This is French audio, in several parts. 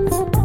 Thank you.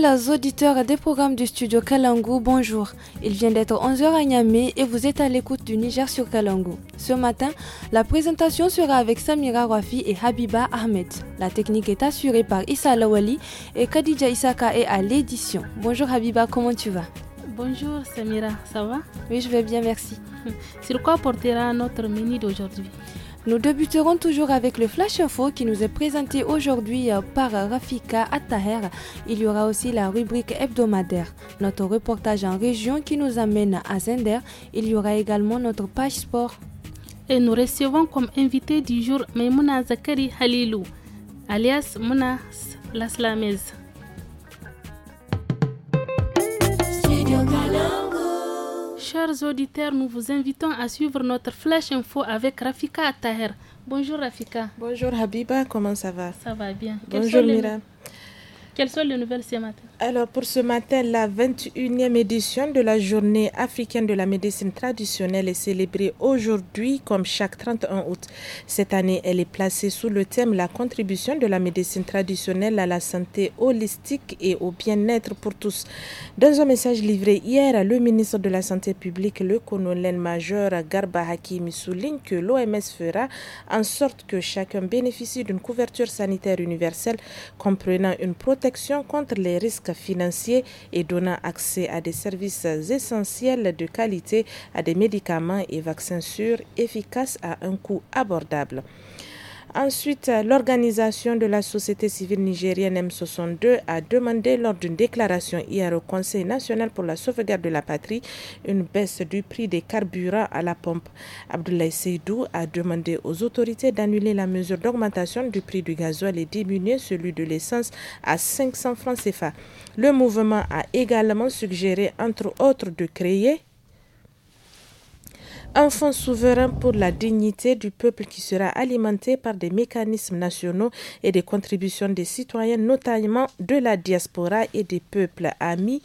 les auditeurs des programmes du studio Kalangu, bonjour. Il vient d'être 11h à Niamey et vous êtes à l'écoute du Niger sur Kalangu. Ce matin, la présentation sera avec Samira Rafi et Habiba Ahmed. La technique est assurée par Issa Lawali et Khadija Isaka est à l'édition. Bonjour Habiba, comment tu vas Bonjour Samira, ça va Oui, je vais bien, merci. Sur quoi portera notre menu d'aujourd'hui nous débuterons toujours avec le Flash Info qui nous est présenté aujourd'hui euh, par Rafika Attaher. Il y aura aussi la rubrique hebdomadaire, notre reportage en région qui nous amène à Zender. Il y aura également notre page sport. Et nous recevons comme invité du jour Maimouna Zakari Halilou, alias Mouna Laslamez chers auditeurs, nous vous invitons à suivre notre flash info avec Rafika Ataher. Bonjour Rafika. Bonjour Habiba, comment ça va Ça va bien. Bonjour Mira. Quelles sont les nouvelles ce matin alors pour ce matin, la 21e édition de la journée africaine de la médecine traditionnelle est célébrée aujourd'hui comme chaque 31 août. Cette année, elle est placée sous le thème La contribution de la médecine traditionnelle à la santé holistique et au bien-être pour tous. Dans un message livré hier, le ministre de la Santé publique, le colonel-major Garba Hakimi, souligne que l'OMS fera en sorte que chacun bénéficie d'une couverture sanitaire universelle comprenant une protection contre les risques financier et donnant accès à des services essentiels de qualité, à des médicaments et vaccins sûrs, efficaces à un coût abordable. Ensuite, l'organisation de la société civile nigérienne M62 a demandé lors d'une déclaration hier au Conseil national pour la sauvegarde de la patrie une baisse du prix des carburants à la pompe. Abdoulaye Seydou a demandé aux autorités d'annuler la mesure d'augmentation du prix du gasoil et diminuer celui de l'essence à 500 francs CFA. Le mouvement a également suggéré, entre autres, de créer un fonds souverain pour la dignité du peuple qui sera alimenté par des mécanismes nationaux et des contributions des citoyens, notamment de la diaspora et des peuples amis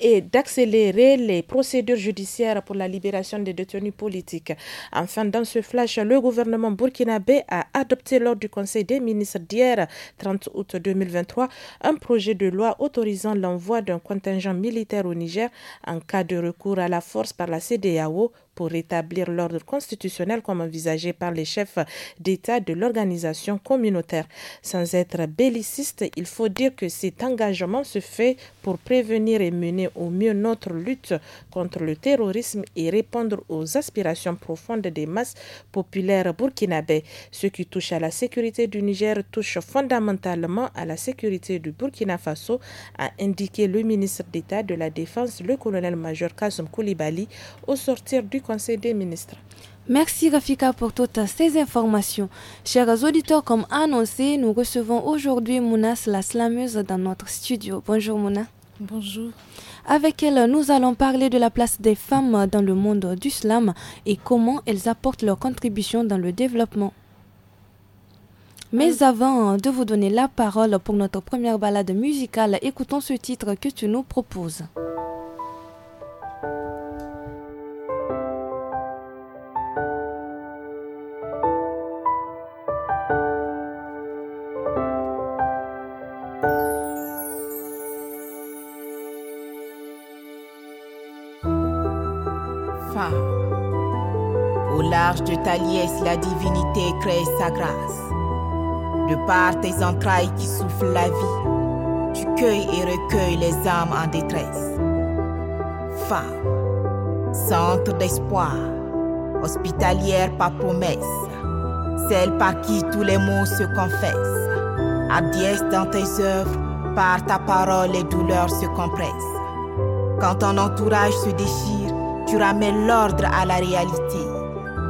et d'accélérer les procédures judiciaires pour la libération des détenus politiques. Enfin, dans ce flash, le gouvernement burkinabé a adopté lors du Conseil des ministres d'hier, 30 août 2023, un projet de loi autorisant l'envoi d'un contingent militaire au Niger en cas de recours à la force par la CDAO pour rétablir l'ordre constitutionnel comme envisagé par les chefs d'État de l'organisation communautaire. Sans être belliciste, il faut dire que cet engagement se fait pour prévenir et mener au mieux notre lutte contre le terrorisme et répondre aux aspirations profondes des masses populaires burkinabées. Ce qui touche à la sécurité du Niger touche fondamentalement à la sécurité du Burkina Faso, a indiqué le ministre d'État de la Défense, le colonel-major Kassoum Koulibaly, au sortir du Conseil des ministres. Merci Rafika pour toutes ces informations. Chers auditeurs, comme annoncé, nous recevons aujourd'hui Mounas, la slameuse, dans notre studio. Bonjour Mouna. Bonjour. Avec elle, nous allons parler de la place des femmes dans le monde du slam et comment elles apportent leur contribution dans le développement. Mais avant de vous donner la parole pour notre première balade musicale, écoutons ce titre que tu nous proposes. de ta la divinité crée sa grâce. De par tes entrailles qui soufflent la vie, tu cueilles et recueilles les âmes en détresse. Femme, centre d'espoir, hospitalière par promesse, celle par qui tous les maux se confessent. Abdiesse dans tes œuvres, par ta parole les douleurs se compressent. Quand ton entourage se déchire, tu ramènes l'ordre à la réalité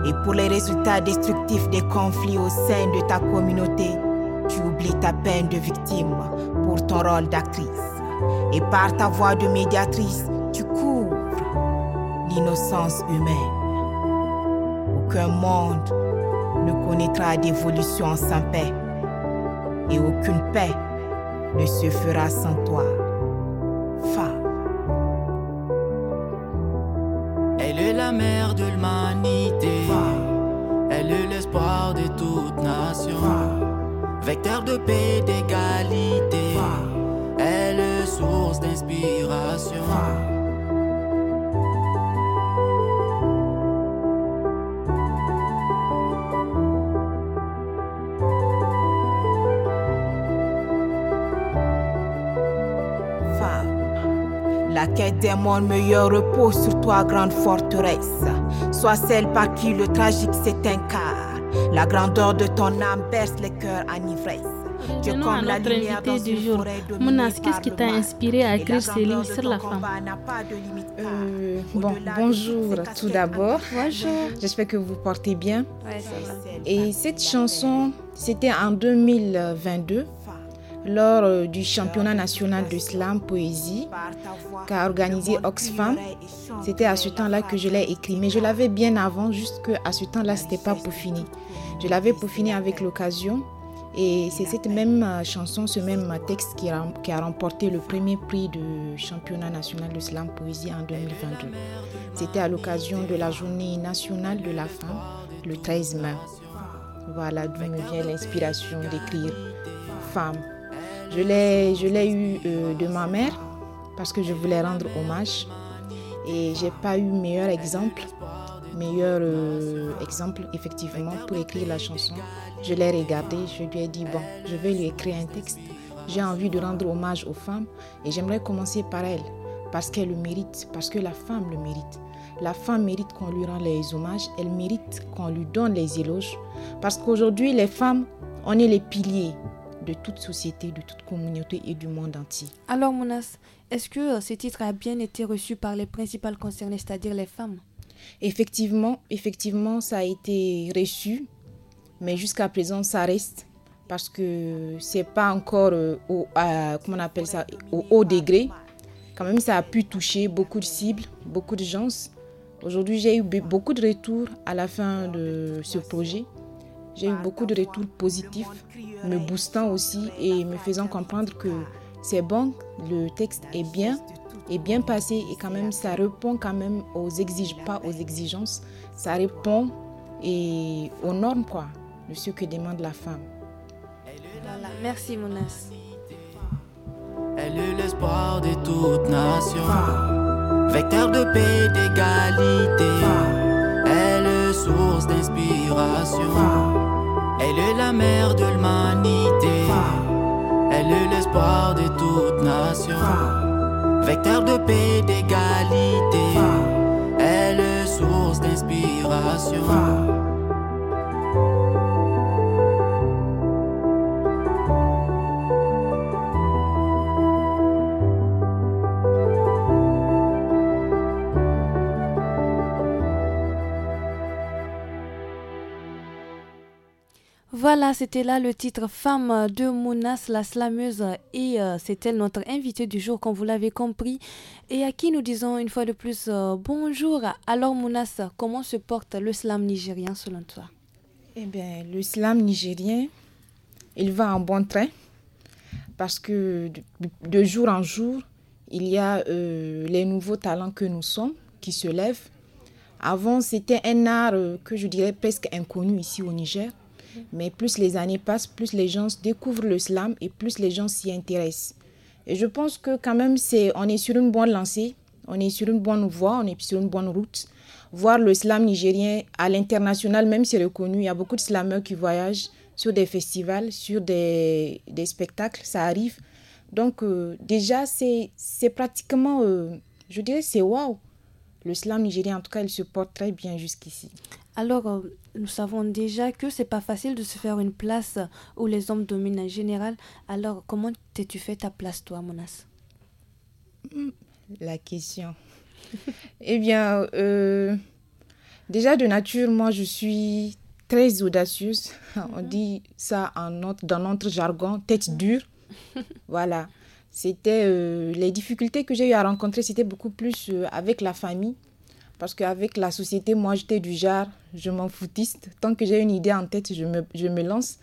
et pour les résultats destructifs des conflits au sein de ta communauté, tu oublies ta peine de victime pour ton rôle d'actrice. Et par ta voix de médiatrice, tu couvres l'innocence humaine. Aucun monde ne connaîtra d'évolution sans paix et aucune paix ne se fera sans toi. Vecteur de paix, d'égalité. Elle est source d'inspiration. La quête des mondes meilleurs repose sur toi, grande forteresse. Sois celle par qui le tragique s'est car la grandeur de ton âme perce les cœurs en ivresse. Tu es comme la lumière du jour. Mounas, qu'est-ce qui t'a inspiré à écrire ces livres sur la femme euh, Bon, bonjour tout d'abord. Bonjour. J'espère que vous portez bien. Ouais, ça Et cette chanson, c'était en 2022 lors euh, du championnat national de slam poésie qu'a organisé Oxfam. C'était à ce temps-là que je l'ai écrit, mais je l'avais bien avant, juste à ce temps-là, c'était pas pour finir Je l'avais pour finir avec l'occasion. Et c'est cette même euh, chanson, ce même texte qui a, remporté le premier prix du championnat national de slam poésie en 2022. C'était à l'occasion de la journée nationale de la femme, le 13 mai. Voilà d'où me vient l'inspiration d'écrire Femme. Je l'ai eu euh, de ma mère parce que je voulais rendre hommage. Et j'ai pas eu meilleur exemple, meilleur euh, exemple effectivement pour écrire la chanson. Je l'ai regardée, je lui ai dit bon, je vais lui écrire un texte. J'ai envie de rendre hommage aux femmes et j'aimerais commencer par elle parce qu'elle le mérite, parce que la femme le mérite. La femme mérite qu'on lui rende les hommages, elle mérite qu'on lui donne les éloges parce qu'aujourd'hui les femmes, on est les piliers de toute société, de toute communauté et du monde entier. Alors Monas, est-ce que euh, ce titre a bien été reçu par les principales concernées, c'est-à-dire les femmes Effectivement, effectivement, ça a été reçu, mais jusqu'à présent, ça reste parce que c'est pas encore euh, on appelle ça, au haut degré. Quand même, ça a pu toucher beaucoup de cibles, beaucoup de gens. Aujourd'hui, j'ai eu beaucoup de retours à la fin de ce projet. J'ai eu beaucoup de retours positifs, me boostant aussi et me faisant comprendre que c'est bon, le texte est bien, est bien passé et quand même ça répond quand même aux exigences, pas aux exigences, ça répond et aux normes quoi, de ce que demande la femme. merci Mounas. Elle est l'espoir de toute nation, vecteur de paix, d'égalité, elle est source d'inspiration. Elle est la mère de l'humanité. Elle est l'espoir de toute nation. Vecteur de paix, et d'égalité. Elle est source d'inspiration. Voilà, c'était là le titre Femme de Mounas, la slameuse, et euh, c'était notre invité du jour, comme vous l'avez compris, et à qui nous disons une fois de plus euh, bonjour. Alors Mounas, comment se porte le slam nigérien selon toi Eh bien, le slam nigérien, il va en bon train, parce que de, jour en jour, il y a euh, les nouveaux talents que nous sommes qui se lèvent. Avant, c'était un art que je dirais presque inconnu ici au Niger. Mais plus les années passent, plus les gens découvrent le slam et plus les gens s'y intéressent. Et je pense que quand même, c'est, on est sur une bonne lancée, on est sur une bonne voie, on est sur une bonne route. Voir le slam nigérien à l'international, même c'est reconnu, il y a beaucoup de slameurs qui voyagent sur des festivals, sur des, spectacles, ça arrive. Donc euh, déjà, c'est pratiquement, euh, je dirais, c'est waouh le slam nigérien, en tout cas, il se porte très bien jusqu'ici. Alors, euh, nous savons déjà que c'est pas facile de se faire une place où les hommes dominent en général. Alors, comment t'es-tu fait ta place, toi, Monas La question. eh bien, euh, déjà de nature, moi, je suis très audacieuse. On mhm. dit ça en notre, dans notre jargon, tête dure. voilà c'était euh, les difficultés que j'ai eu à rencontrer, c'était beaucoup plus euh, avec la famille. Parce qu'avec la société, moi, j'étais du genre, je m'en foutiste. Tant que j'ai une idée en tête, je me, lance.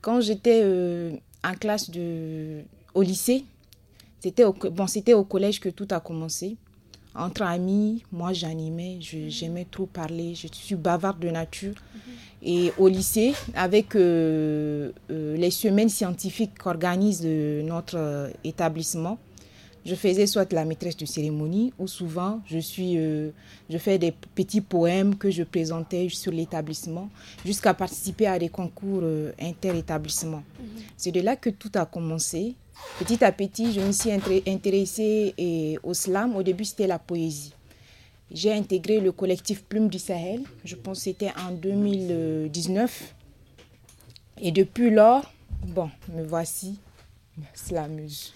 Quand j'étais euh, en classe de, au lycée, c'était bon, c'était au collège que tout a commencé entre amis, moi j'animais, j'aimais trop parler, je suis bavarde de nature. Mhm. Et au lycée, avec euh, euh, les semaines scientifiques qu'organise euh, notre établissement, je faisais soit la maîtresse de cérémonie ou souvent je suis je fais des petits poèmes que je présentais sur l'établissement jusqu'à participer à des concours inter-établissements. Mhm. C'est de là que tout a commencé Petit à petit, je me suis intéressée euh, au slam. Au début, c'était la poésie. J'ai intégré le collectif Plume du Sahel, je pense que c'était en 2019. Et depuis lors, bon, me voici slameuse.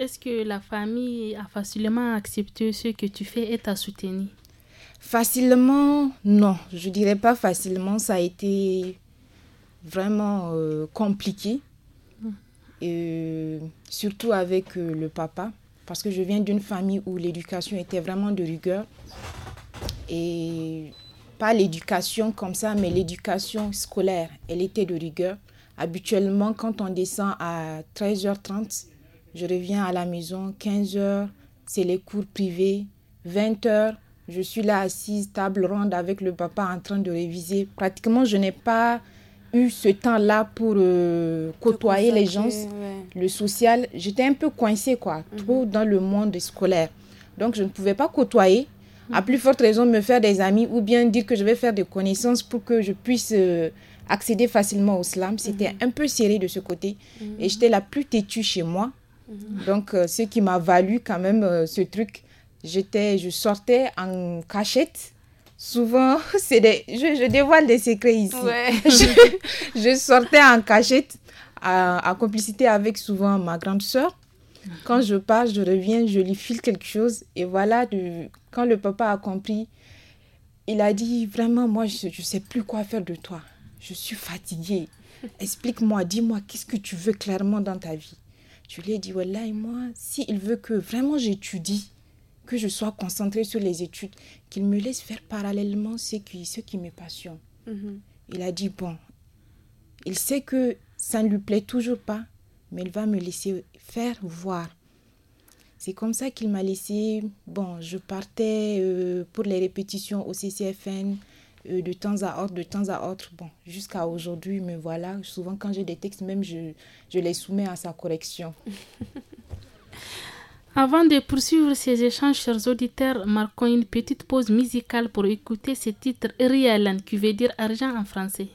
Est-ce que la famille a facilement accepté ce que tu fais et t'a soutenu Facilement, non. Je dirais pas facilement, ça a été vraiment euh, compliqué et euh, surtout avec euh, le papa, parce que je viens d'une famille où l'éducation était vraiment de rigueur. Et pas l'éducation comme ça, mais l'éducation scolaire, elle était de rigueur. Habituellement, quand on descend à 13h30, je reviens à la maison, 15h, c'est les cours privés, 20h, je suis là assise, table ronde avec le papa en train de réviser. Pratiquement, je n'ai pas ce temps-là pour euh, côtoyer les gens, le social, j'étais un peu coincée, quoi, mhm. trop dans le monde scolaire. Donc, je ne pouvais pas côtoyer, à plus forte raison, me faire des amis ou bien dire que je vais faire des connaissances pour que je puisse euh, accéder facilement au slam. C'était mhm. un peu serré de ce côté. Mhm. Et j'étais la plus têtue chez moi. Donc, euh, ce qui m'a valu quand même ce truc. J'étais, je sortais en cachette souvent, c'est je, dévoile des secrets ici. Je, sortais en cachette à, complicité avec souvent ma grande soeur Quand je pars, je reviens, je lui file quelque chose. Et voilà, de, quand le papa a compris, il a dit vraiment, moi, je ne sais plus quoi faire de toi. Je suis fatiguée. Explique-moi, dis-moi, qu'est-ce que tu veux clairement dans ta vie tu lui as dit, voilà, et moi, si il veut que vraiment j'étudie, que je sois concentrée sur les études, qu'il me laisse faire parallèlement ce qui, ce qui me passionne. Mm-hmm. Il a dit, bon, il sait que ça ne lui plaît toujours pas, mais il va me laisser faire voir. C'est comme ça qu'il m'a laissé. Bon, je partais euh, pour les répétitions au CCFN euh, de temps à autre, de temps à autre. Bon, jusqu'à aujourd'hui, me voilà. Souvent, quand j'ai des textes, même je, je les soumets à sa correction. Avant de poursuivre ces échanges, chers auditeurs, marquons une petite pause musicale pour écouter ce titre Rialan, qui veut dire argent en français.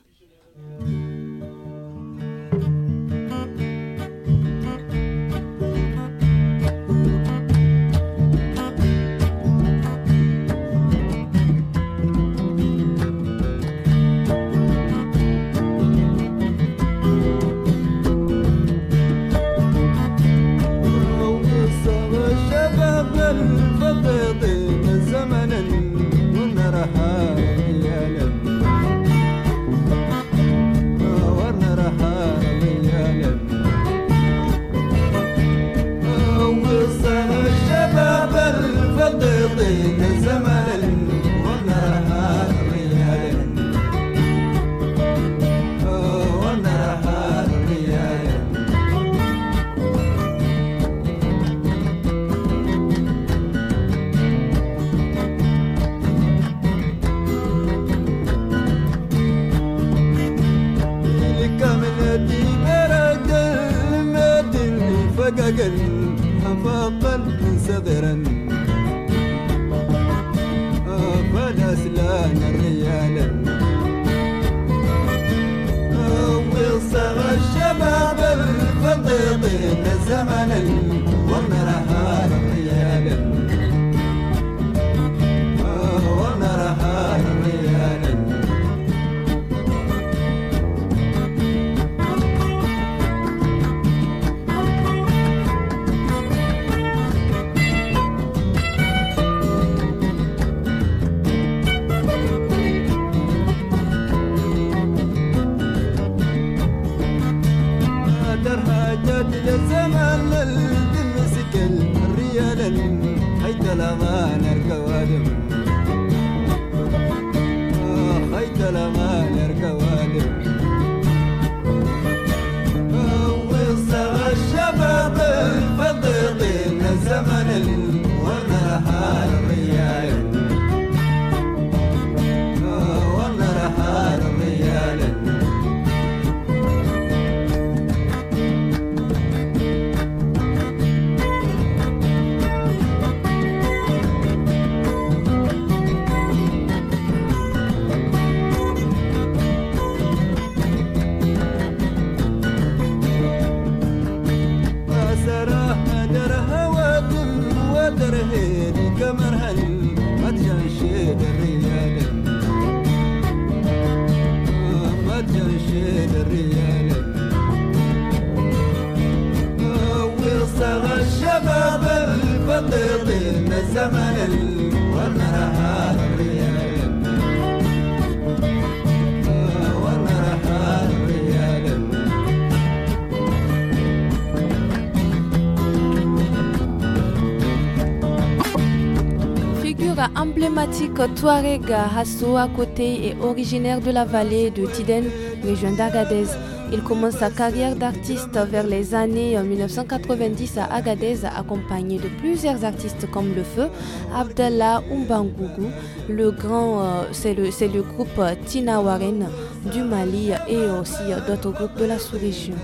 Tuareg Hasso à Côté est originaire de la vallée de Tiden, région d'Agadez. Il commence sa carrière d'artiste vers les années 1990 à Agadez, accompagné de plusieurs artistes comme Le Feu, Abdallah Umbangougou, le grand, euh, c'est le, groupe Tinawaren du Mali et aussi d'autres groupes de la sous-région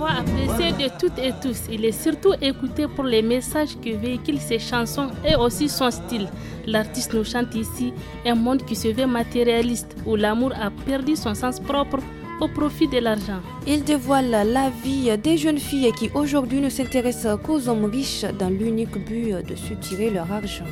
voix de toutes et tous. Il est surtout écouté pour les messages que véhiculent ses chansons et aussi son style. L'artiste nous chante ici un monde qui se veut matérialiste, où l'amour a perdu son sens propre au profit de l'argent. Il dévoile la vie des jeunes filles qui aujourd'hui ne s'intéressent qu'aux hommes riches dans l'unique but de se leur argent.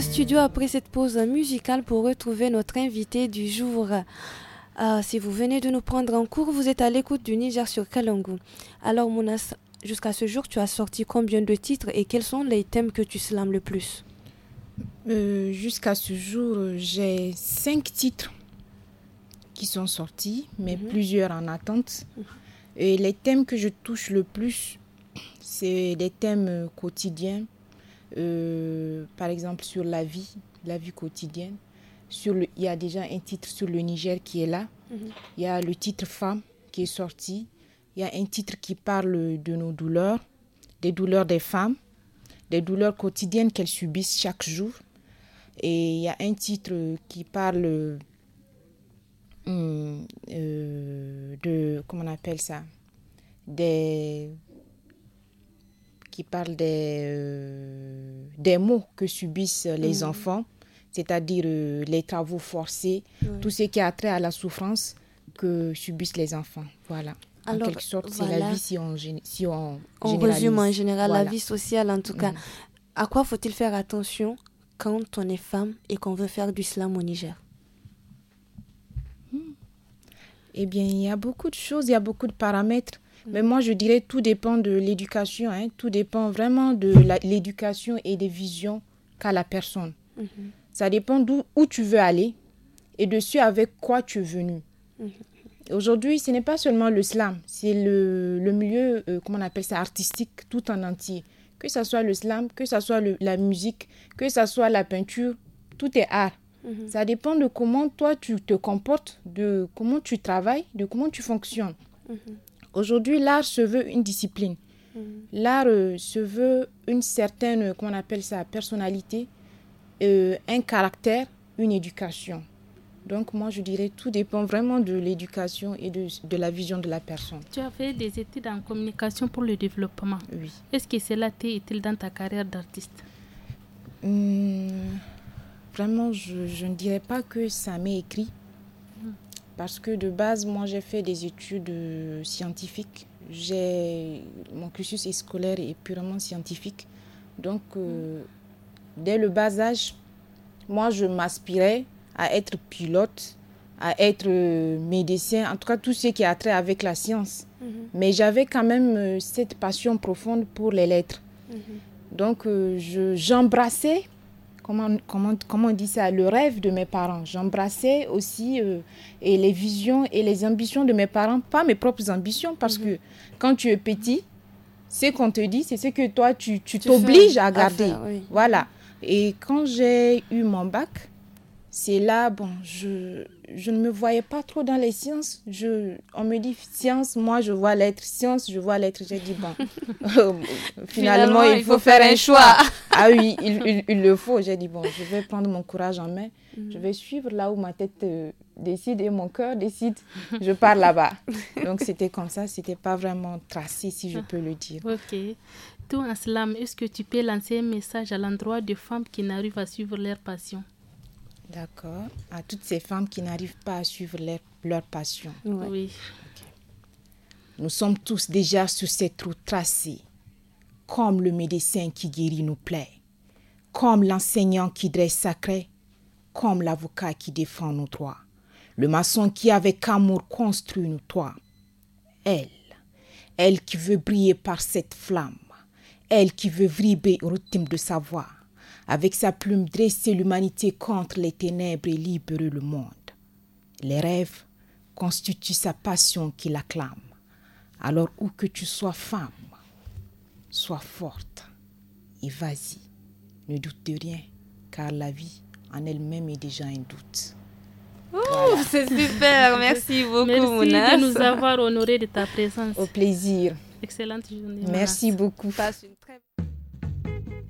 studio après cette pause musicale pour retrouver notre invité du jour. Ah, si vous venez de nous prendre en cours, vous êtes à l'écoute du Niger sur Kalangu. Alors Mounas, jusqu'à ce jour, tu as sorti combien de titres et quels sont les thèmes que tu slams le plus euh, Jusqu'à ce jour, j'ai cinq titres qui sont sortis, mais mhm. plusieurs en attente. Mhm. Et les thèmes que je touche le plus, c'est des thèmes quotidiens, euh, par exemple sur la vie, la vie quotidienne. Sur il y a déjà un titre sur le Niger qui est là. Mhm. Il y a le titre Femme qui est sorti. Il y a un titre qui parle de nos douleurs, des douleurs des femmes, des douleurs quotidiennes qu'elles subissent chaque jour. Et il y a un titre qui parle hum, euh, de, comment on appelle ça, des qui parle des, euh, des maux que subissent les mm. enfants, c'est-à-dire euh, les travaux forcés, tout ce qui a trait à la souffrance que subissent les enfants. Voilà. Alors, en quelque sorte, c'est la vie si on, si on, résume en général la vie sociale en tout cas. Mm. À quoi faut-il faire attention quand on est femme et qu'on veut faire du slam au Niger et hmm. Eh bien, il y a beaucoup de choses, il y a beaucoup de paramètres. Mais moi, je dirais tout dépend de l'éducation. Hein. Tout dépend vraiment de l'éducation et des visions qu'a la personne. Mhm. Ça dépend d'où où tu veux aller et de ce avec quoi tu es venu. Mhm. Aujourd'hui, ce n'est pas seulement le slam, c'est le, le, milieu, euh, comment on appelle ça, artistique tout en entier. Que ce soit le slam, que ce soit la musique, que ce soit la peinture, tout est art. Mhm. Ça dépend de comment toi tu te comportes, de comment tu travailles, de comment tu fonctionnes. Aujourd'hui, l'art se veut une discipline. Mm. L'art euh, se veut une certaine, qu'on euh, appelle ça, personnalité, euh, un caractère, une éducation. Donc moi, je dirais, tout dépend vraiment de l'éducation et de, de, la vision de la personne. Tu as fait des études en communication pour le développement. Oui. Est-ce que cela t'est il dans ta carrière d'artiste hmm, Vraiment, je, je, ne dirais pas que ça m'est écrit, parce que de base, moi, j'ai fait des études euh, scientifiques. J'ai mon cursus scolaire est purement scientifique. Donc, euh, dès le bas âge, moi, je m'aspirais à être pilote, à être euh, médecin, en tout cas tout ce qui a trait avec la science. Mhm. Mais j'avais quand même cette passion profonde pour les lettres. Mhm. Donc, je j'embrassais comment, comment, on dit ça, le rêve de mes parents. J'embrassais aussi euh, et les visions et les ambitions de mes parents, pas mes propres ambitions, parce mhm. que quand tu es petit, ce qu'on te dit, c'est ce que toi, tu t'obliges à garder. Voilà. Et quand j'ai eu mon bac, c'est là, bon, je, je ne me voyais pas trop dans les sciences. on me dit science, moi je vois l'être science, je vois l'être. J'ai dit bon, euh, finalement, il faut, faire, un choix. ah oui, il, le faut. J'ai dit bon, je vais prendre mon courage en main, mhm. je vais suivre là où ma tête euh, décide et mon cœur décide, je pars là-bas. Donc c'était comme ça, c'était pas vraiment tracé si je ah, peux le dire. Ok. Tout en slam, est-ce que tu peux lancer un message à l'endroit des femmes qui n'arrivent à suivre leur passion D'accord. À toutes ces femmes qui n'arrivent pas à suivre leur, passion. Oui. Nous sommes tous déjà sur cette route tracée, comme le médecin qui guérit nous plaît, comme l'enseignant qui dresse sacré, comme l'avocat qui défend nos droits, le maçon qui avec amour construit nos toits. Elle, elle qui veut briller par cette flamme, elle qui veut vibrer au rythme de sa voix, avec sa plume dresser l'humanité contre les ténèbres et libérer le monde. Les rêves constituent sa passion qui l'acclame. Alors où que tu sois femme, sois forte et vas-y. Ne doute de rien, car la vie en elle-même est déjà un doute. Oh C'est super, merci beaucoup merci de nous avoir honorés de ta présence. Au plaisir. Excellente journée. Merci beaucoup.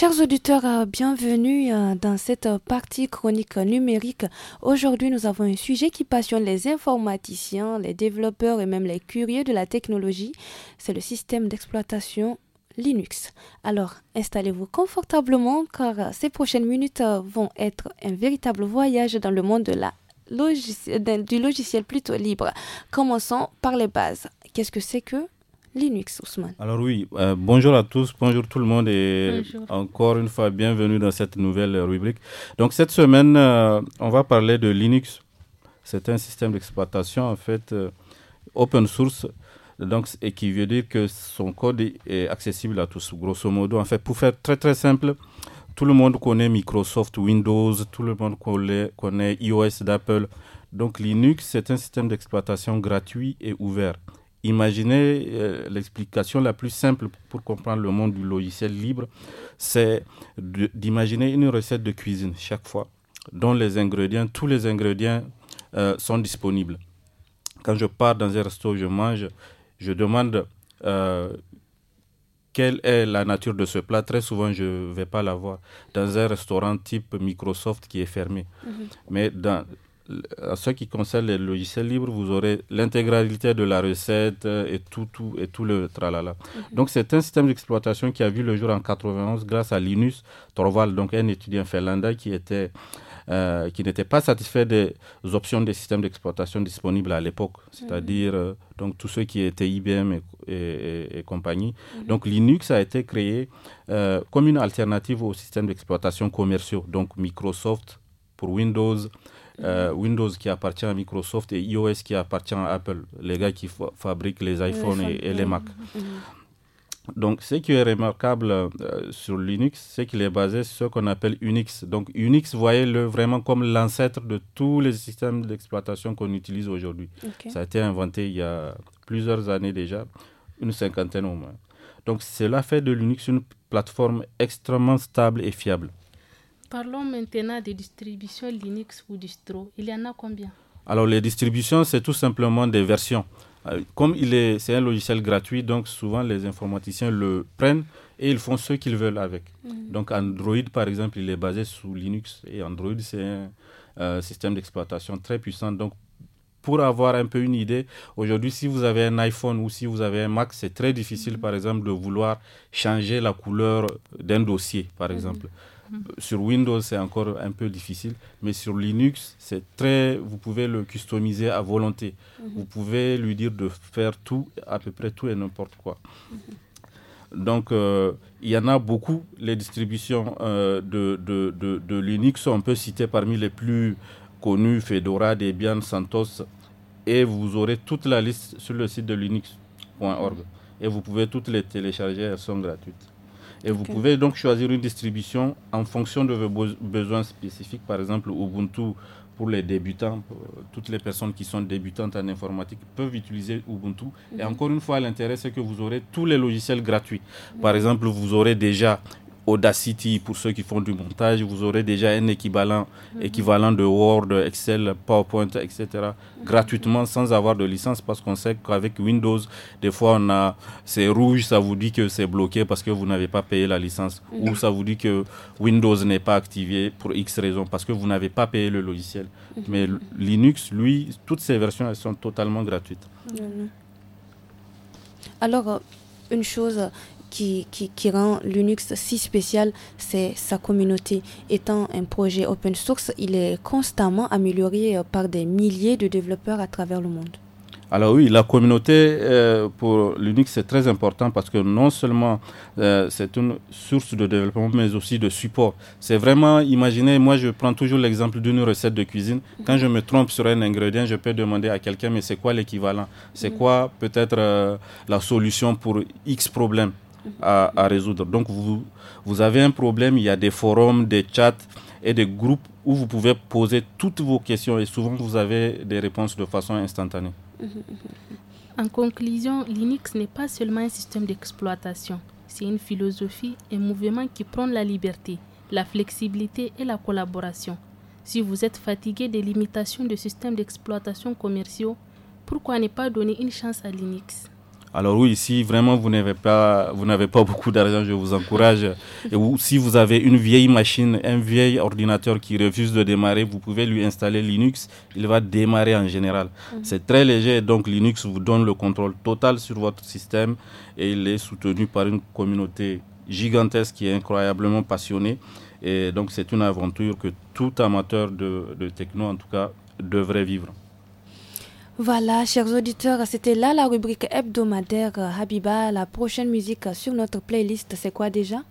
Chers auditeurs, euh, bienvenue euh, dans cette euh, partie chronique numérique. Aujourd'hui, nous avons un sujet qui passionne les informaticiens, les développeurs et même les curieux de la technologie. C'est le système d'exploitation Linux. Alors, installez-vous confortablement car ces prochaines minutes vont être un véritable voyage dans le monde de la du logiciel plutôt libre. Commençons par les bases. Qu'est-ce que c'est que Linux, Ousmane. Alors oui, euh, bonjour à tous, bonjour tout le monde et encore une fois bienvenue dans cette nouvelle euh, rubrique. Donc cette semaine, euh, on va parler de Linux. C'est un système d'exploitation en fait open source. Donc, et qui veut dire que son code est accessible à tous, grosso modo. En fait, pour faire très très simple, tout le monde connaît Microsoft, Windows, tout le monde connaît iOS d'Apple. Donc Linux, c'est un système d'exploitation gratuit et ouvert. Imaginez euh, l'explication la plus simple pour comprendre le monde du logiciel libre, c'est d'imaginer une recette de cuisine chaque fois, dont les ingrédients, tous les ingrédients euh, sont disponibles. Quand je pars dans un resto, je mange, je demande euh, quelle est la nature de ce plat. Très souvent, je ne vais pas l'avoir dans un restaurant type Microsoft qui est fermé. Mhm. Mais dans à ce qui concerne les logiciels libres, vous aurez l'intégralité de la recette et tout, tout, et tout le tralala. Mhm. Donc, c'est un système d'exploitation qui a vu le jour en 91 grâce à Linus Torvald, donc un étudiant finlandais qui était. Euh, qui n'était pas satisfait des options des systèmes d'exploitation disponibles à l'époque, mhm. c'est-à-dire euh, donc tous ceux qui étaient IBM et, compagnie. Mhm. Donc Linux a été créé euh, comme une alternative aux systèmes d'exploitation commerciaux, donc Microsoft pour Windows, euh, Windows qui appartient à Microsoft et iOS qui appartient à Apple, les gars qui fabriquent les iPhones et, les Macs. Mm-hmm. Donc, ce qui est remarquable euh, sur Linux, c'est qu'il est basé sur ce qu'on appelle Unix. Donc, Unix, voyez-le vraiment comme l'ancêtre de tous les systèmes d'exploitation qu'on utilise aujourd'hui. Ça a été inventé il y a plusieurs années déjà, une cinquantaine au moins. Donc, cela fait de Linux une plateforme extrêmement stable et fiable. Parlons maintenant des distributions Linux ou distro. Il y en a combien Alors les distributions, c'est tout simplement des versions. Euh, comme il est, c'est un logiciel gratuit, donc souvent les informaticiens le prennent et ils font ce qu'ils veulent avec. Mm. Donc Android, par exemple, il est basé sous Linux et Android, c'est un euh, système d'exploitation très puissant. Donc pour avoir un peu une idée, aujourd'hui, si vous avez un iPhone ou si vous avez un Mac, c'est très difficile, mm. par exemple, de vouloir changer la couleur d'un dossier, par mm. exemple. Euh, sur Windows, c'est encore un peu difficile, mais sur Linux, c'est très. Vous pouvez le customiser à volonté. Mhm. Vous pouvez lui dire de faire tout, à peu près tout et n'importe quoi. Mhm. Donc, euh, il y en a beaucoup. Les distributions euh, de, de, Linux, on peut citer parmi les plus connues Fedora, Debian, Santos, et vous aurez toute la liste sur le site de linux.org. Et vous pouvez toutes les télécharger, elles sont gratuites. Et vous pouvez donc choisir une distribution en fonction de vos besoins spécifiques. Par exemple, Ubuntu pour les débutants, euh, toutes les personnes qui sont débutantes en informatique peuvent utiliser Ubuntu. Et mhm. encore une fois, l'intérêt, c'est que vous aurez tous les logiciels gratuits. Par exemple, vous aurez déjà Audacity pour ceux qui font du montage, vous aurez déjà un équivalent, équivalent de Word, Excel, PowerPoint, etc. gratuitement sans avoir de licence parce qu'on sait qu'avec Windows, des fois on a c'est rouge, ça vous dit que c'est bloqué parce que vous n'avez pas payé la licence ou ça vous dit que Windows n'est pas activé pour X raisons parce que vous n'avez pas payé le logiciel. Mhm. Mais Linux, lui, toutes ces versions elles sont totalement gratuites. Alors euh, une chose, qui, qui, rend Linux si spécial, c'est sa communauté. Étant un projet open source, il est constamment amélioré euh, par des milliers de développeurs à travers le monde. Alors oui, la communauté euh, pour Linux c'est très important parce que non seulement euh, c'est une source de développement mais aussi de support. C'est vraiment, imaginez, moi je prends toujours l'exemple d'une recette de cuisine. Quand je me trompe sur un ingrédient, je peux demander à quelqu'un mais c'est quoi l'équivalent C'est mm. quoi peut-être la solution pour X problème à, résoudre. Donc vous, vous avez un problème, il y a des forums, des chats et des groupes où vous pouvez poser toutes vos questions et souvent vous avez des réponses de façon instantanée. En conclusion, Linux n'est pas seulement un système d'exploitation, c'est une philosophie, un mouvement qui prend la liberté, la flexibilité et la collaboration. Si vous êtes fatigué des limitations de systèmes d'exploitation commerciaux, pourquoi ne pas donner une chance à Linux alors oui, si vraiment vous n'avez pas, vous n'avez pas beaucoup d'argent, je vous encourage. Et si vous avez une vieille machine, un vieil ordinateur qui refuse de démarrer, vous pouvez lui installer Linux. Il va démarrer en général. Mhm. C'est très léger, donc Linux vous donne le contrôle total sur votre système et il est soutenu par une communauté gigantesque qui est incroyablement passionnée. Et donc c'est une aventure que tout amateur de techno, en tout cas, devrait vivre. Voilà, chers auditeurs, c'était là la rubrique hebdomadaire Habiba. La prochaine musique sur notre playlist, c'est quoi déjà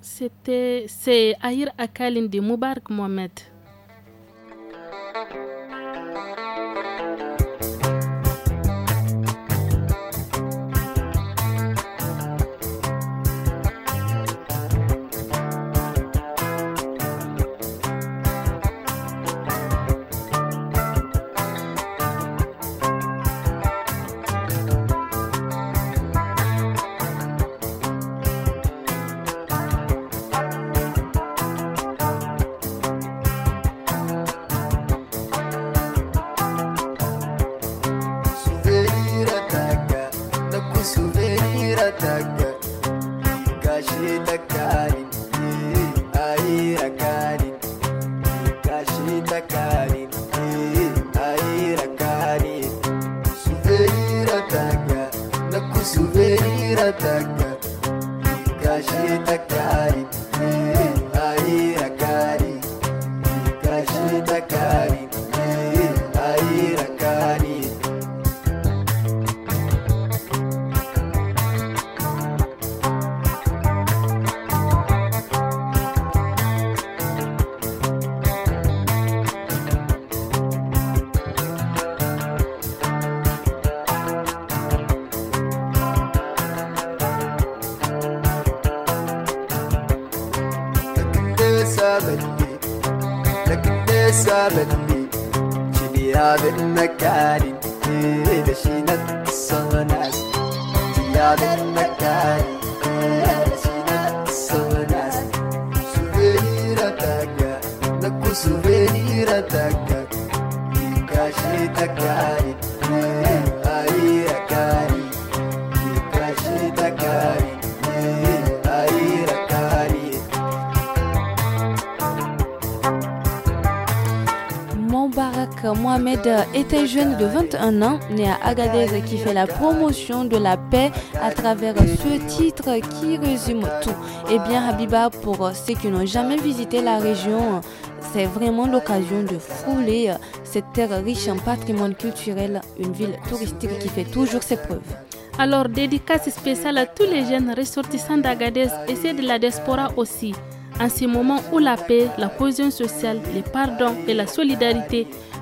C'était c'est Aïr Akalin de Mubarak Mohamed. Mohamed était jeune de 21 ans, né à Agadez, qui fait la promotion de la paix à travers ce titre qui résume tout. Eh bien, Habiba, pour ceux qui n'ont jamais visité la région, c'est vraiment l'occasion de fouler cette terre riche en patrimoine culturel, une ville touristique qui fait toujours ses preuves. Alors, dédicace spéciale à tous les jeunes ressortissants d'Agadez et ceux de la diaspora aussi. En ce moment où la paix, la cohésion sociale, les pardons et la solidarité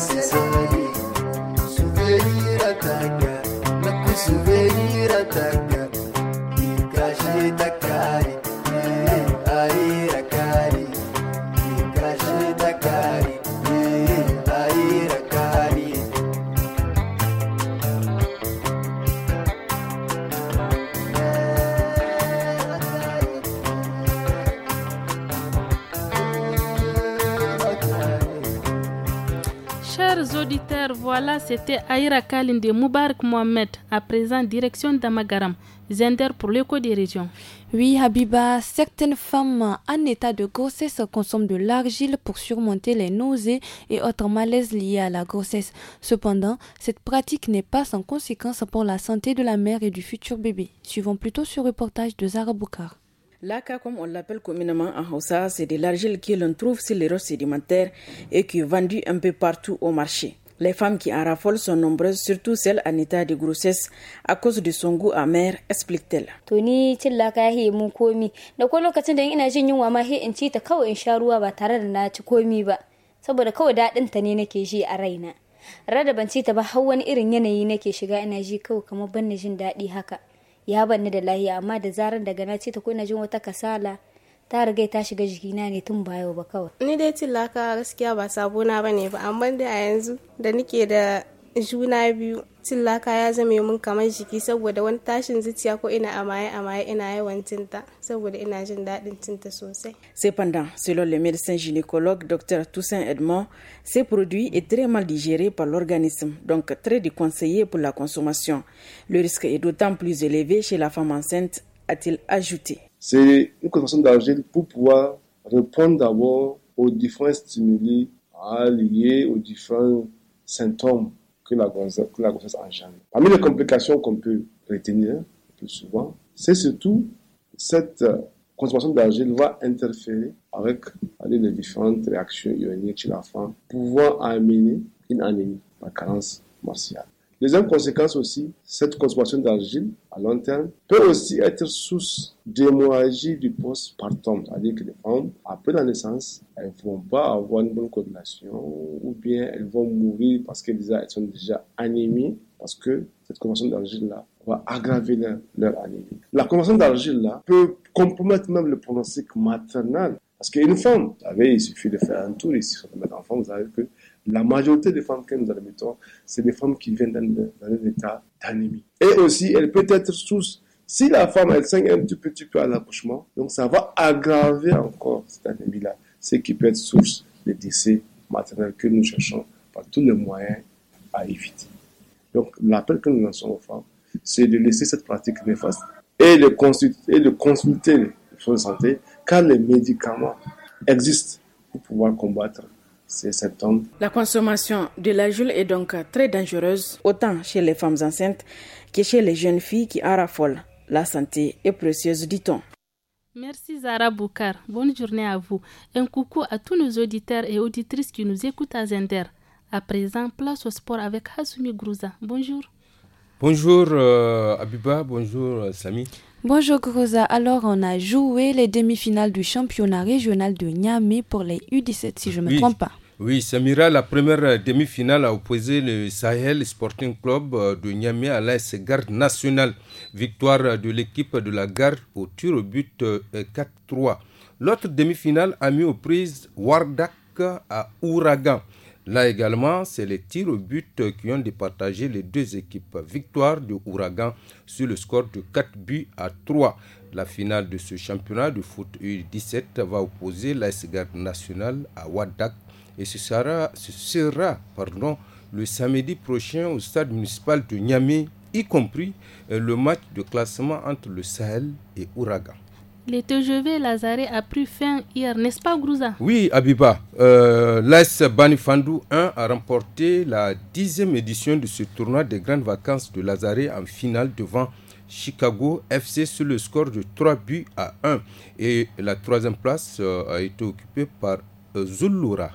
This is voilà, c'était Aïra de Moubarak Mohamed, à présent direction d'Amagaram, Zender pour léco des régions. Oui, Habiba, certaines femmes en état de grossesse consomment de l'argile pour surmonter les nausées et autres malaises liés à la grossesse. Cependant, cette pratique n'est pas sans conséquence pour la santé de la mère et du futur bébé. Suivons plutôt ce reportage de Zara Boukar. L'aka, comme on l'appelle communément en Hausa, c'est de l'argile que l'on trouve sur les roches sédimentaires et qui est vendue un peu partout au marché. Les femmes qui en raffolent sont nombreuses, surtout celles en état de grossesse, à cause de son goût amer, explique-t-elle. To ni cin mun komi, da lokacin da ina jin yunwa ma in ci kawai in sha ruwa ba tare da na ci komi ba, saboda kawai daɗinta ne nake ji a raina. Rada ban ci ta ba har wani irin yanayi nake shiga ina ji kawai kamar ban jin daɗi haka. Ya banni da lahiya amma da zarar daga na ci ta ko ina jin wata kasala ta riga ta shiga jikina ne tun ba yau ba kawai ni dai tilaka gaskiya ba sabo na bane ba amma dai a yanzu da nike da juna biyu tilaka ya zame min kamar jiki saboda wani tashin zuciya ko ina amaye amaye ina yawan tinta saboda ina jin daɗin cinta sosai. Cependant, selon le médecin gynécologue Dr Toussaint Edmond, ces produits est très mal digéré par l'organisme, donc très déconseillé pour la consommation. Le risque est d'autant plus élevé chez la femme enceinte, a-t-il ajouté. C'est une consommation d'argile pour pouvoir répondre d'abord aux différents stimuli liés aux différents symptômes que la, grossesse, engendre. Parmi les complications qu'on peut retenir le plus souvent, c'est surtout cette euh, consommation d'argile va interférer avec les différentes réactions ioniques chez femme pouvant amener une anémie, la carence martiale. Deuxième conséquence aussi, cette consommation d'argile à long terme peut aussi être source d'hémorragie du postpartum, c'est-à-dire que les femmes, après la naissance, elles ne vont pas avoir une bonne coordination ou bien elles vont mourir parce qu'elles sont déjà anémies parce que cette consommation d'argile-là va aggraver leur, anémie. La consommation d'argile-là peut compromettre même le pronostic maternel parce qu'une femme, vous savez, il suffit de faire un tour ici sur le mettre en vous savez que la majorité des femmes que nous admettons, c'est des femmes qui viennent dans, un état d'anémie. Et aussi, elle peut être source. Si la femme, elle saigne un tout petit peu à l'accouchement, donc ça va aggraver encore cette anémie-là, ce qui peut être source de décès maternels que nous cherchons par tous les moyens à éviter. Donc, l'appel que nous lançons aux femmes, c'est de laisser cette pratique néfaste et de consulter, et de consulter les fonds de santé car les médicaments existent pour pouvoir combattre septembre. La consommation de la jule est donc très dangereuse, autant chez les femmes enceintes que chez les jeunes filles qui en raffolent. La santé est précieuse, dit-on. Merci Zara Boukar. Bonne journée à vous. Un coucou à tous nos auditeurs et auditrices qui nous écoutent à Zender. À présent, place au sport avec Hasumi Grouza. Bonjour. Bonjour euh, Abiba, bonjour euh, Samy. Bonjour Rosa. alors on a joué les demi-finales du championnat régional de Niamey pour les U17 si je ne me trompe pas. Oui, Samira, la première euh, demi-finale a opposé le Sahel Sporting Club euh, de Niamey à l'AS Garde nationale. Victoire euh, de l'équipe de la Garde au tir au but 4-3. L'autre demi-finale a mis aux prises Wardak à Ouragan. Là également, c'est les tirs au but qui ont départagé les deux équipes. Victoire de Ouragan sur le score de 4 buts à 3. La finale de ce championnat de foot U17 va opposer Garde nationale à Wadak et ce sera, ce sera pardon, le samedi prochain au stade municipal de Niamey, y compris euh, le match de classement entre le Sahel et Ouragan. Le TGV Lazare a pris fin hier, n'est-ce pas, Grouza Oui, Abiba. Euh, L'AS Banifandou 1 a remporté la dixième édition de ce tournoi des grandes vacances de Lazare en finale devant Chicago FC sur le score de 3 buts à 1. Et la troisième place euh, a été occupée par euh, Zulura.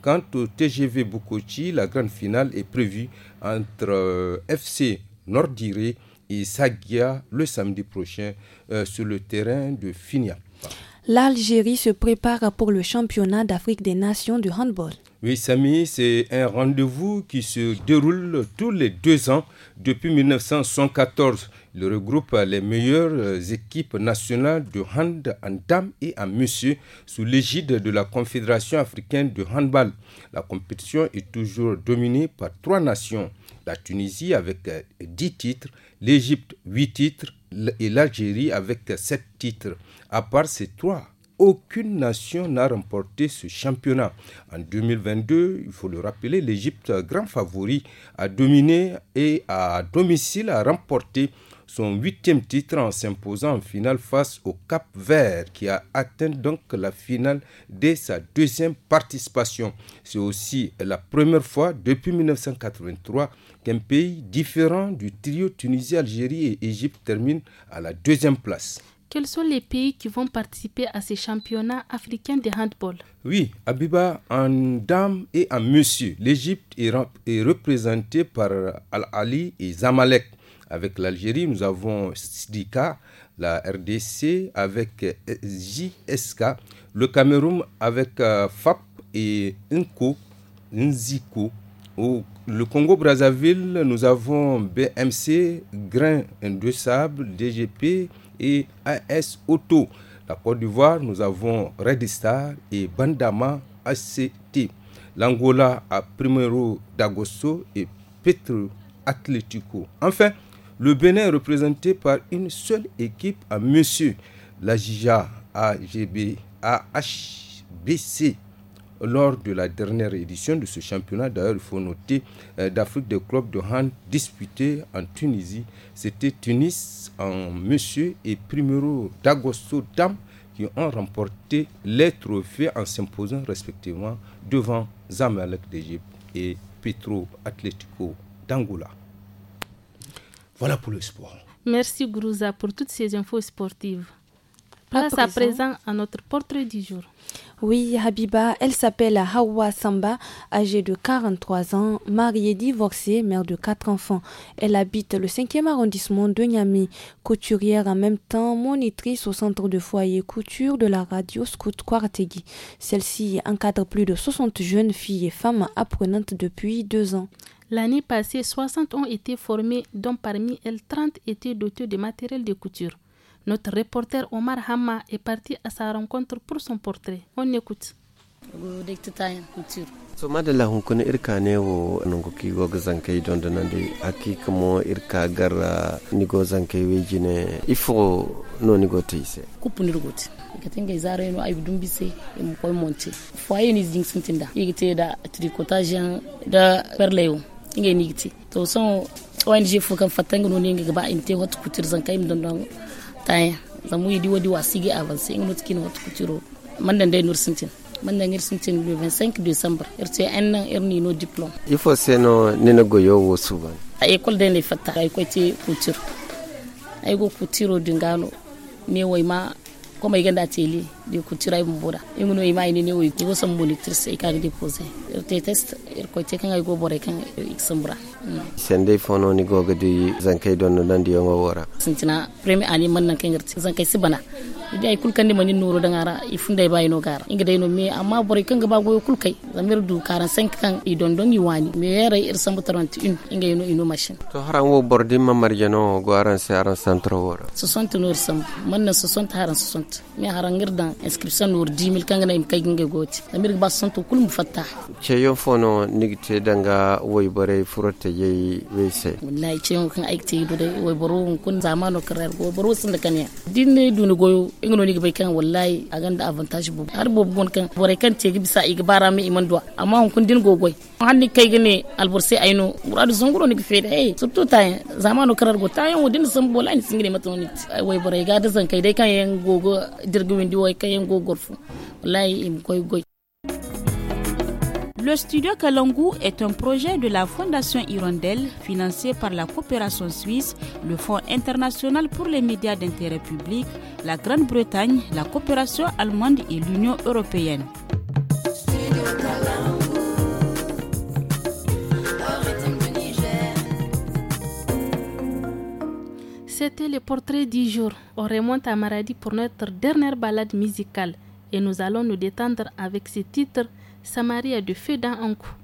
Quant au TGV Bukochi, la grande finale est prévue entre euh, FC Nordiré et Sagia le samedi prochain euh, sur le terrain de Finia. L'Algérie se prépare pour le championnat d'Afrique des Nations de handball. Oui, Samy, c'est un rendez-vous qui se déroule tous les deux ans depuis 1914. Il regroupe les meilleures euh, équipes nationales de hand en dames et en monsieur sous l'égide de la Confédération africaine de handball. La compétition est toujours dominée par trois nations la Tunisie avec 10 euh, titres, l'Égypte 8 titres et l'Algérie avec 7 euh, titres. À part ces trois, aucune nation n'a remporté ce championnat. En 2022, il faut le rappeler, l'Égypte, grand favori, a dominé et à domicile a remporté son huitième titre en s'imposant en finale face au Cap Vert qui a atteint donc la finale dès sa deuxième participation. C'est aussi la première fois depuis 1983 qu'un pays différent du trio Tunisie, Algérie et Égypte termine à la deuxième place. Quels sont les pays qui vont participer à ces championnats africains de handball Oui, Abiba, en dames et en monsieur, l'Égypte est, représentée par Al-Ali et Zamalek avec l'Algérie, nous avons SDICA, la RDC avec eh, JSK, le Cameroun avec euh, FAP et INCO, NZICO. le Congo-Brazzaville, nous avons BMC, Grain de Sable, DGP et AS Auto. La Côte d'Ivoire, nous avons Red Star et Bandama ACT. L'Angola à Primero d'Agosto et Petro Atletico. Enfin, le Bénin est représenté par une seule équipe à Monsieur Lajija AGB AHBC lors de la dernière édition de ce championnat. D'ailleurs, il faut noter euh, d'Afrique des clubs de hand disputés en Tunisie. C'était Tunis en monsieur et Primero d'Agosto Dam qui ont remporté les trophées en s'imposant respectivement devant Zamalek d'Égypte et Petro Atlético d'Angola. Voilà pour le sport. Merci Grouza pour toutes ces infos sportives. Place à présent à notre portrait du jour. Oui, Habiba, elle s'appelle Hawa Samba, âgée de 43 ans, mariée, divorcée, mère de quatre enfants. Elle habite le 5e arrondissement de Niamey, couturière en même temps, monitrice au centre de foyer couture de la radio Scout Kwartegui. Celle-ci encadre plus de 60 jeunes filles et femmes apprenantes depuis deux ans. L'année passée, 60 ont été formés, dont parmi elles 30 étaient dotés de matériel de couture. Notre reporter Omar Hamma est parti à sa rencontre pour son portrait. On écoute. so madalla hunkuna irka ne wo nungu ki goga zankai don da nande hakika mo irka gara nigo zankai weji ne ifo no nigo te ise kupu nirgot katinga izara yeno ay koy monte fo ay ni jing sintinda yigite da tricotage da perleyo ingenikithi so so ong fuka mfatanga noningi ngoba into hot kutirza ngai mndondongo taya zamu yidi wodi wasike avanse ingot kino hot kutiro manda ndai nur sintin manda ngir sintin 25 december irte enna irni no diploma ifo seno nina goyo wo suban ay kol den le fatta ay ko ti kutiro ay go kutiro dingano ne wayma comme iganda teli de kutura in inguno ima inene o igo sam monitrice ikag depose te test er ko te kan go bore kan iksambura mm. sende fono ni goga Zan kai don nan di yongo wora sintina premier ani man nan kan zankay sibana ay kulkan de manin nuru da ngara ifun bay no gara inga dai no me amma bore kan ga goyo kulkai zamir du karan kan i don don wani me yare ir sambu 31 inga yino ino mashin to haran wo bordi ma marjano go aran se aran santro wora 60 nur er sam man na 60 haran 60 me haran ngirdan inscription nur 10000 kan na im kai ginga goti zamir ba santo kul mufatta ce yon fono nigite danga woy bore furote yeyi weyse wallahi ce yon kan aikte do dai woy boro kun zamano karar go boro sun da kaniya dinne duni goyo ingno ni bai kan wallahi a ganda avantage bu har bo gon kan bore kan te gi bisa igi bara mi iman dua amma hun kun din gogoy hanni kai gine alborse aino muradu zongro ni fe da eh surtout ta zamanu karar go ta yan wudin san bola ni singire mata wani wai bore ga da zan kai dai kan yan gogo dirgi windi wai kan yan gogorfu wallahi im koy goy Le studio Kalangu est un projet de la Fondation Hirondelle financé par la coopération suisse, le Fonds international pour les médias d'intérêt public, la Grande-Bretagne, la coopération allemande et l'Union européenne. C'était le portrait du jour. On remonte à Maradi pour notre dernière balade musicale et nous allons nous détendre avec ce titres Samaria a de feu dans un coup.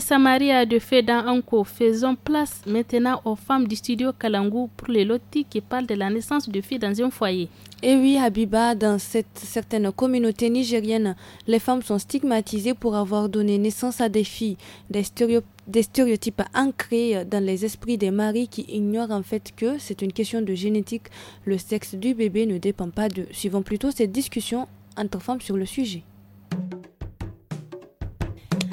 Samaria de fait dans Anko. Faisons place maintenant aux femmes du studio Kalangu pour les lotis qui parlent de la naissance de filles dans un foyer. Et eh oui, Habiba, dans cette, certaine communauté nigérienne les femmes sont stigmatisées pour avoir donné naissance à des filles, des, stéréotypes ancrés dans les esprits des maris qui ignorent en fait que c'est une question de génétique, le sexe du bébé ne dépend pas de. Suivons plutôt cette discussion entre femmes sur le sujet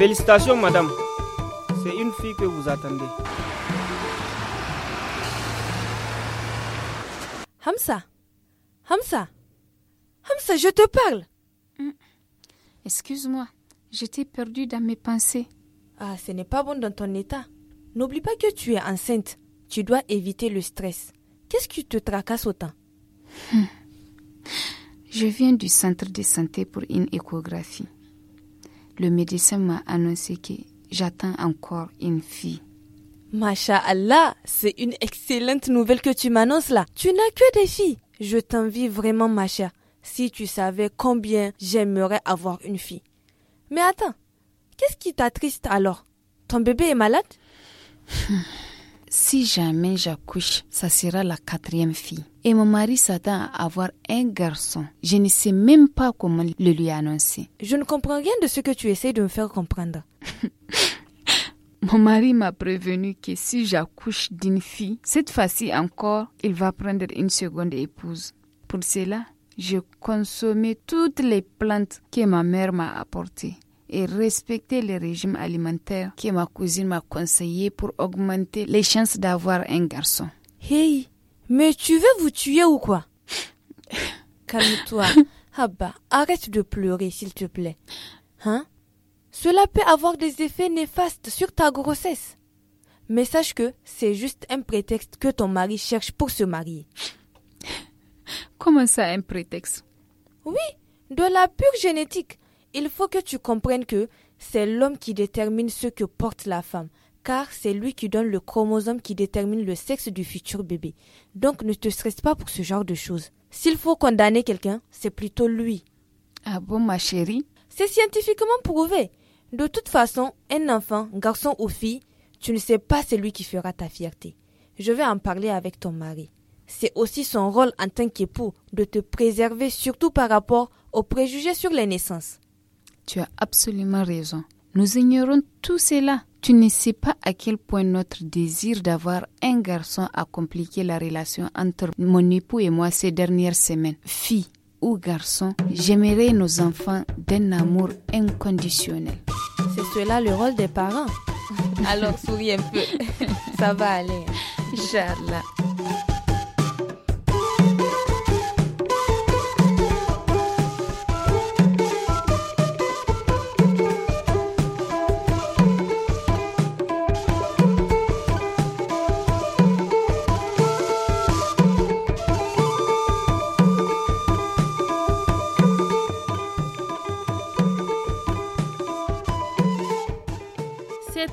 Félicitations, madame. C'est une fille que vous attendez. Hamza, Hamza, Hamza, je te parle. Hum. Excuse-moi, j'étais perdue dans mes pensées. Ah, ce n'est pas bon dans ton état. N'oublie pas que tu es enceinte. Tu dois éviter le stress. Qu'est-ce qui te tracasse autant hum. Je viens du centre de santé pour une échographie le médecin m'a annoncé que j'attends encore une fille. Masha Allah, c'est une excellente nouvelle que tu m'annonces là. Tu n'as que des filles. Je t'envie vraiment, Masha. Si tu savais combien j'aimerais avoir une fille. Mais attends, qu'est-ce qui t'attriste alors Ton bébé est malade si jamais j'accouche, ça sera la quatrième fille. Et mon mari s'attend à avoir un garçon. Je ne sais même pas comment le lui annoncer. Je ne comprends rien de ce que tu essaies de me faire comprendre. Mon mari m'a prévenu que si j'accouche d'une fille, cette fois-ci encore, il va prendre une seconde épouse. Pour cela, je consommais toutes les plantes que ma mère m'a apportées et respecter le régime alimentaire que ma cousine m'a conseillé pour augmenter les chances d'avoir un garçon. Hey, mais tu veux vous tuer ou quoi Calme-toi. Abba, arrête de pleurer, s'il te plaît. Hein Cela peut avoir des effets néfastes sur ta grossesse. Mais sache que c'est juste un prétexte que ton mari cherche pour se marier. Comment ça, un prétexte Oui, de la pure génétique. Il faut que tu comprennes que c'est l'homme qui détermine ce que porte la femme, car c'est lui qui donne le chromosome qui détermine le sexe du futur bébé. Donc ne te stresse pas pour ce genre de choses. S'il faut condamner quelqu'un, c'est plutôt lui. Ah bon, ma chérie C'est scientifiquement prouvé. De toute façon, un enfant, garçon ou fille, tu ne sais pas c'est lui qui fera ta fierté. Je vais en parler avec ton mari. C'est aussi son rôle en tant qu'époux de te préserver surtout par rapport aux préjugés sur les naissances. Tu as absolument raison. Nous ignorons tout cela. Tu ne sais pas à quel point notre désir d'avoir un garçon a compliqué la relation entre mon époux et moi ces dernières semaines. Fille ou garçon, j'aimerais nos enfants d'un amour inconditionnel. C'est cela le rôle des parents. Alors souviens un Ça va aller. Inch'Allah.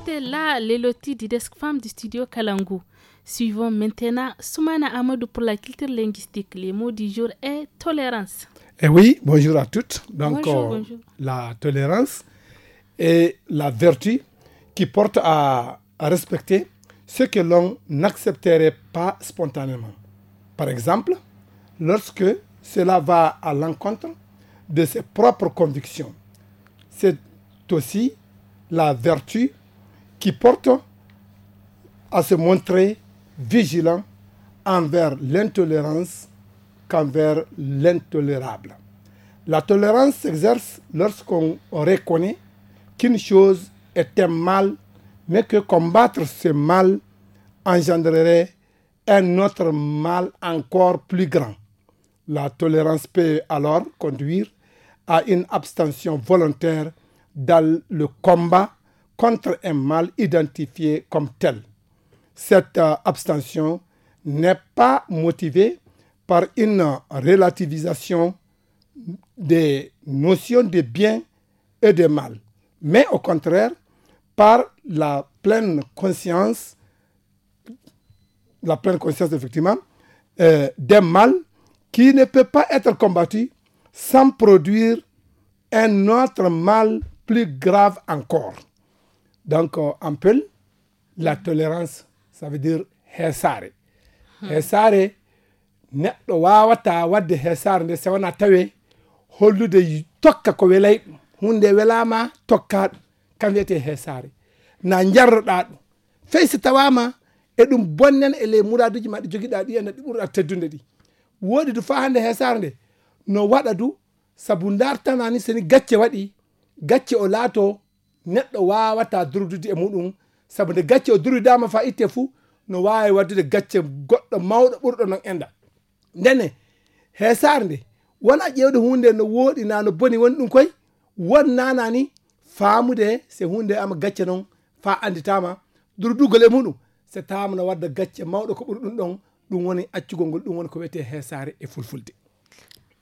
C'est là les du desk femme du studio Kalangu. Suivons maintenant Soumana Amadou pour la culture linguistique. Les mots du jour est tolérance. Eh oui, bonjour à toutes. Donc, euh, la tolérance est la vertu qui porte à, à respecter ce que l'on n'accepterait pas spontanément. Par exemple, lorsque cela va à l'encontre de ses propres convictions. C'est aussi la vertu qui porte à se montrer vigilant envers l'intolérance qu'envers l'intolérable. La tolérance s'exerce lorsqu'on reconnaît qu'une chose est un mal, mais que combattre ce mal engendrerait un autre mal encore plus grand. La tolérance peut alors conduire à une abstention volontaire dans le combat contre un mal identifié comme tel. Cette euh, abstention n'est pas motivée par une relativisation des notions de bien et de mal, mais au contraire par la pleine conscience, la pleine conscience effectivement, euh, d'un mal qui ne peut pas être combattu sans produire un autre mal plus grave encore. donc ampel la tolérance ça veut dire hesare hmm. hesare neɗɗo wawata wadde hesare nde sewana tawe hollude tokka ko welay ɗum hunde welama tokka ɗum kam wiyete hesare na jarroɗa ɗum fey so tawama e ɗum bonnen e ley muraduji maɗe joguiɗa ɗi ana e ɗi ɓurɗa teddude ɗi woɗi du fa hande hesare nde no waɗa du saabu dartanani soni gacce waɗi gacce o laato neɗɗo wawata durdude e muɗum saabu nde gacce o dama fa itte fuu no wawi waddude gacce goɗɗo mawɗo ɓurɗo noon enɗa ndene he sar nde wona ƴewde hunde no woɗi na no boni woni ɗum koye won ni faamude se hunde ama gacce noon fa anditama durdugol e muɗum so tama no wadda gacce mawɗo ko ɓuri ɗum ɗon ɗum woni accugol ngol ɗum woni ko wiyete he sare e fulfulde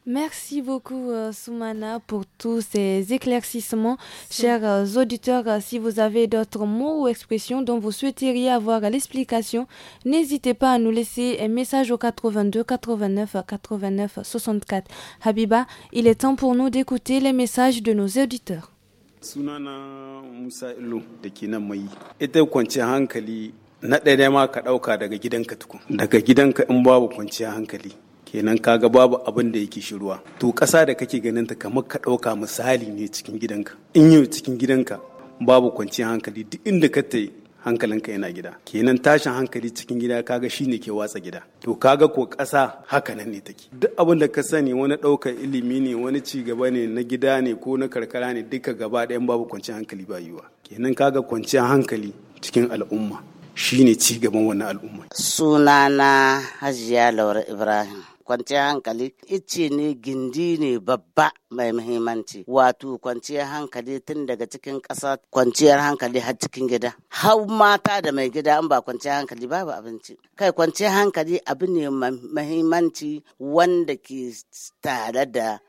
Merci beaucoup, euh, Soumana, pour tous ces éclaircissements. Chers euh, auditeurs, euh, si vous avez d'autres mots ou expressions dont vous souhaiteriez avoir l'explication, n'hésitez pas à nous laisser un message au 82 89 89 64. Habiba, il est temps pour nous d'écouter les messages de nos auditeurs. sunana musa hankali na ma kenan kaga babu abin da yake shiruwa to ƙasa da kake ganin ta kamar ka ɗauka misali ne cikin gidanka in yi cikin gidanka babu kwanciyar hankali duk inda ka ta hankalinka yana gida kenan tashin hankali cikin gida kaga shine ke watsa gida to kaga ko ƙasa haka nan ne take duk abin da ka sani wani ɗaukar ilimi ne wani ci gaba ne na gida ne ko na karkara ne duka gaba ɗayan babu kwanciyar hankali ba yiwa kenan kaga kwanciyar hankali cikin al'umma shine ci gaban wannan al'umma sunana hajiya laura ibrahim kwanciyar hankali ice ne gindi ne babba mai muhimmanci wato kwanciyar hankali tun daga cikin ƙasa kwanciyar hankali har cikin gida hau mata da mai gida an ba kwanciyar hankali babu abinci kai kwanciyar hankali abu ne muhimmanci wanda ke tare da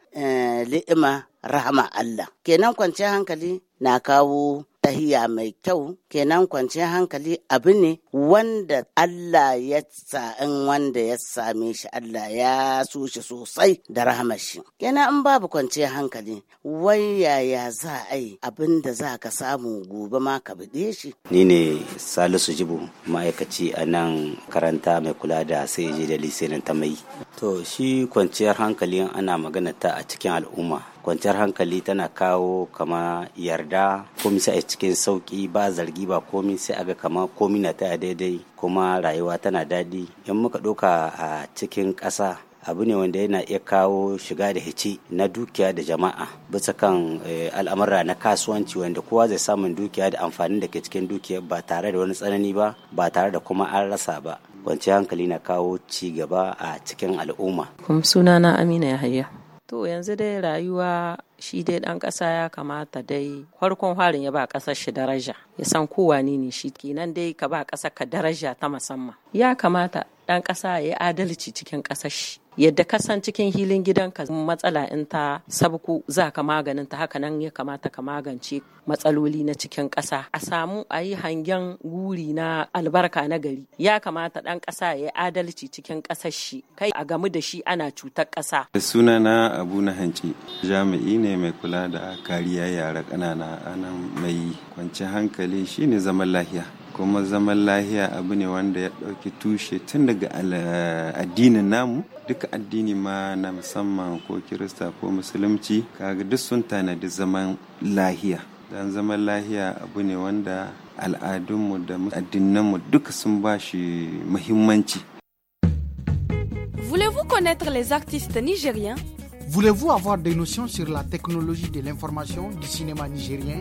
li'ima eh, rahama Allah kenan kwanciyar hankali na kawo tahiya mai kyau kenan kwanciyar hankali abu ne wanda Allah ya sa'in wanda ya same shi Allah ya so shi sosai da rahamar shi kenan in babu kwanciyar hankali wai yaya za a yi abin da za ka samu gobe ma ka bude shi ni ne Salisu Jibu ma'aikaci a nan karanta mai kula da sai je da lisenin ta mai to shi kwanciyar hankali ana magana ta a cikin al'umma kwanciyar hankali tana kawo kama yarda komi sai a cikin sauki ba zargi ba komi sai ga kama komi na ta daidai kuma rayuwa tana daɗi in muka ɗauka a cikin ƙasa abu ne wanda yana iya kawo shiga da hici na dukiya da jama'a bisa kan eh, al'amura na kasuwanci wanda kowa zai samun dukiya da amfanin da ke cikin dukiya ba tare da wani tsanani ba ba tare da kuma an rasa ba kwanciyar hankali na kawo ci gaba a cikin al'umma kuma sunana amina yahaya To yanzu dai rayuwa shi dai ɗan ƙasa ya kamata dai farkon harin ya ba ƙasar shi daraja. ya san kowa ne ne shi kenan dai ka ba ƙasa ka daraja ta musamman ya kamata ɗan kasa ya adalci cikin ƙasar shi yadda ka san cikin hilin gidan gidanka matsala in ta sabku za ka maganin ta haka nan ya kamata ka magance matsaloli na cikin ƙasa a samu a yi hangen guri na albarka na gari ya kamata ɗan ƙasa ya adalci cikin ƙasar shi kai a gamu da shi ana cutar ƙasa sunana abu na hanci jami'i ne mai kula da kariya yara ƙanana anan mai kwanci hankali dalili ne zaman lahiya kuma zaman lahiya abu ne wanda ya ɗauki tushe tun daga addinin namu duka addini ma na musamman ko kirista ko musulunci kaga duk sun tanadi zaman lahiya don zaman lahiya abu ne wanda al'adunmu da addinanmu duka sun ba shi muhimmanci Voulez-vous connaître les artistes nigériens Voulez-vous avoir des notions sur la technologie de l'information du cinéma nigérien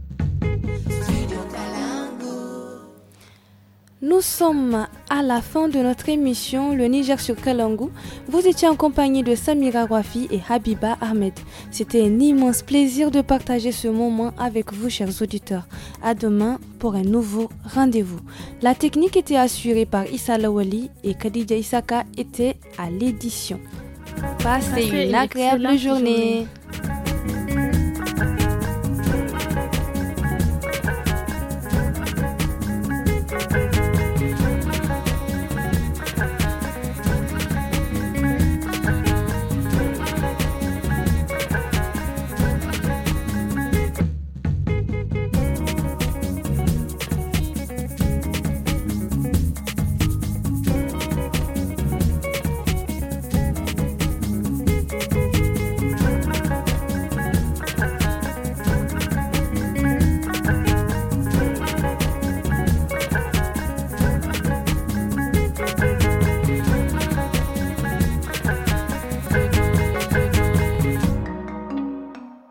Nous sommes à la fin de notre émission Le Niger sur Kalangu. Vous étiez en compagnie de Samira Rafi et Habiba Ahmed. C'était un immense plaisir de partager ce moment avec vous, chers auditeurs. À demain pour un nouveau rendez-vous. La technique était assurée par Issa Lawali et Khadija Isaka était à l'édition. Passez une agréable journée.